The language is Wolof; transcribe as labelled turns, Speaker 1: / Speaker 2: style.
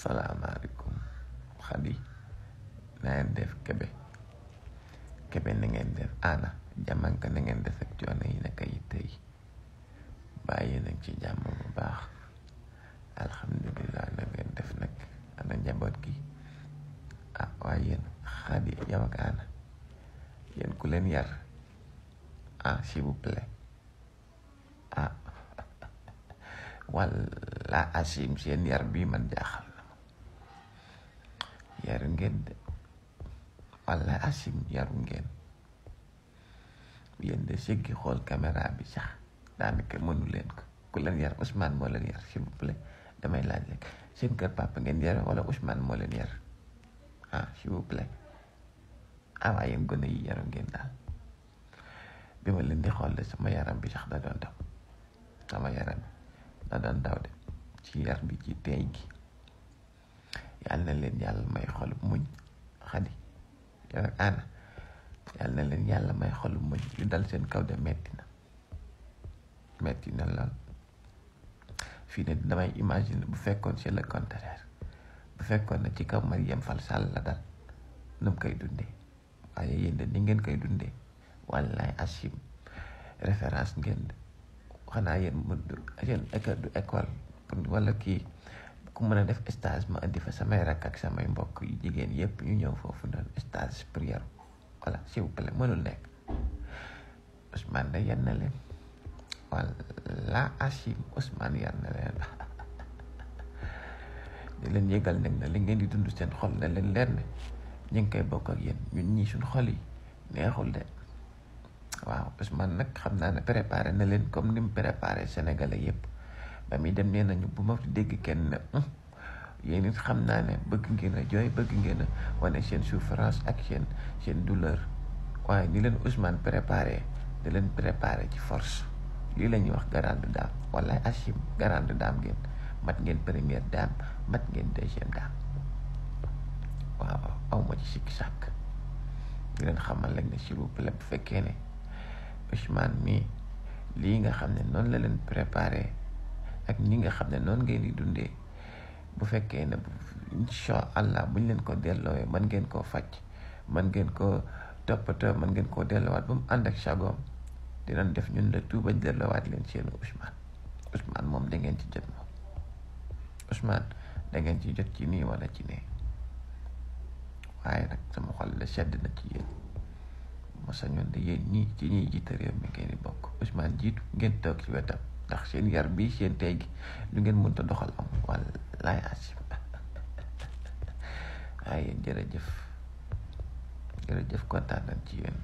Speaker 1: salaamaaleykum Khadi, na def kebe kebe na ngeen def ana jamanka na ngeen def ak coono yi naka yi tey bàyyi nag ci jàmm bu baax alhamdulilah na ngeen def ana njaboot gi ah waaye yéen xadi yow ak ana yéen ku leen yar ah s'il vous plaît ah wala asim seen yar bi man jaaxal yarungen walla asim yarungen yéen de séggi xool caméra bi sax daanaka mënu leen ko ku leen yar Ousmane moo leen yar s'il vous plaît damay laaj rek seen papa ngeen yar wala Ousmane moo yar ah s'il vous plaît ah waaye yéen gone yi yaru ngeen daal bi ma di de sama yaram bi sax da doon daw sama yaram da doon daw de ci yar bi ci gi yàlla na leen yàlla may xolub muñ xadi yàlla leen yàlla may xolub muñ li dal seen kaw de metti na metti na lool fii ne damay imaginer bu fekkoon c'est le bu fekkoon na ci kaw Mariam Fall Sall la dal nu mu koy dundee waaye yéen ni ngeen koy dundee wallaay asim référence ngeen xanaa yéen mën du yéen école du kii Comunidad estás más antifas América que sama yang boku i jigen yep union for fundal estás prior. Wala siu pele mulu nek. Usman de yan nele. Wala asim Usman yan nele. di leen yëgal nag na li ngeen di dund seen xol na leen leer ne ñu ngi koy bokk ak yéen ñun ñii suñ xol yi neexul de waaw Ousmane nag xam naa ne préparé na leen comme ni mu préparé Sénégalais yépp ba muy dem nee nañu bu ma fi dégg kenn yéen it xam naa ne bëgg ngeen a jooy bëgg ngeen a wane seen souffrance ak seen seen douleur waaye ni leen Ousmane préparé da leen préparé ci force lii la ñuy wax walai asim wala Achim grande dame ngeen mat ngeen première dame mat ngeen deuxième dame waaw aw ma ci sikki sàkk di leen xamal rek ne s'il vous plaît bu fekkee ne Ousmane mii lii nga xam ne noonu la leen préparé ak ñi nga xam ne noonu ngeen di dundee bu fekkee ne incha allah buñ leen ko delloowee man ngeen koo faj man ngeen koo toppatoo man ngeen koo delloowaat ba mu ànd ak sagoom dinañ def ñun la tuubañ delloowaat leen seenu Ousmane Ousmane moom dangeen ci jot moom Ousmane da ci jot ci nii wala ci ne waaye nag sama xol la sedd na ci yéen mosañoon de yéen ñii ci ñuy jiita réew mi ngeen di bokk Ousmane jiitu ngeen toog ci wetam ndax seen yar bi seen teggi lu ngeen mënta doxal am wallaay asim waaye yéen jërëjëf jërëjëf kontaan nañ ci yéen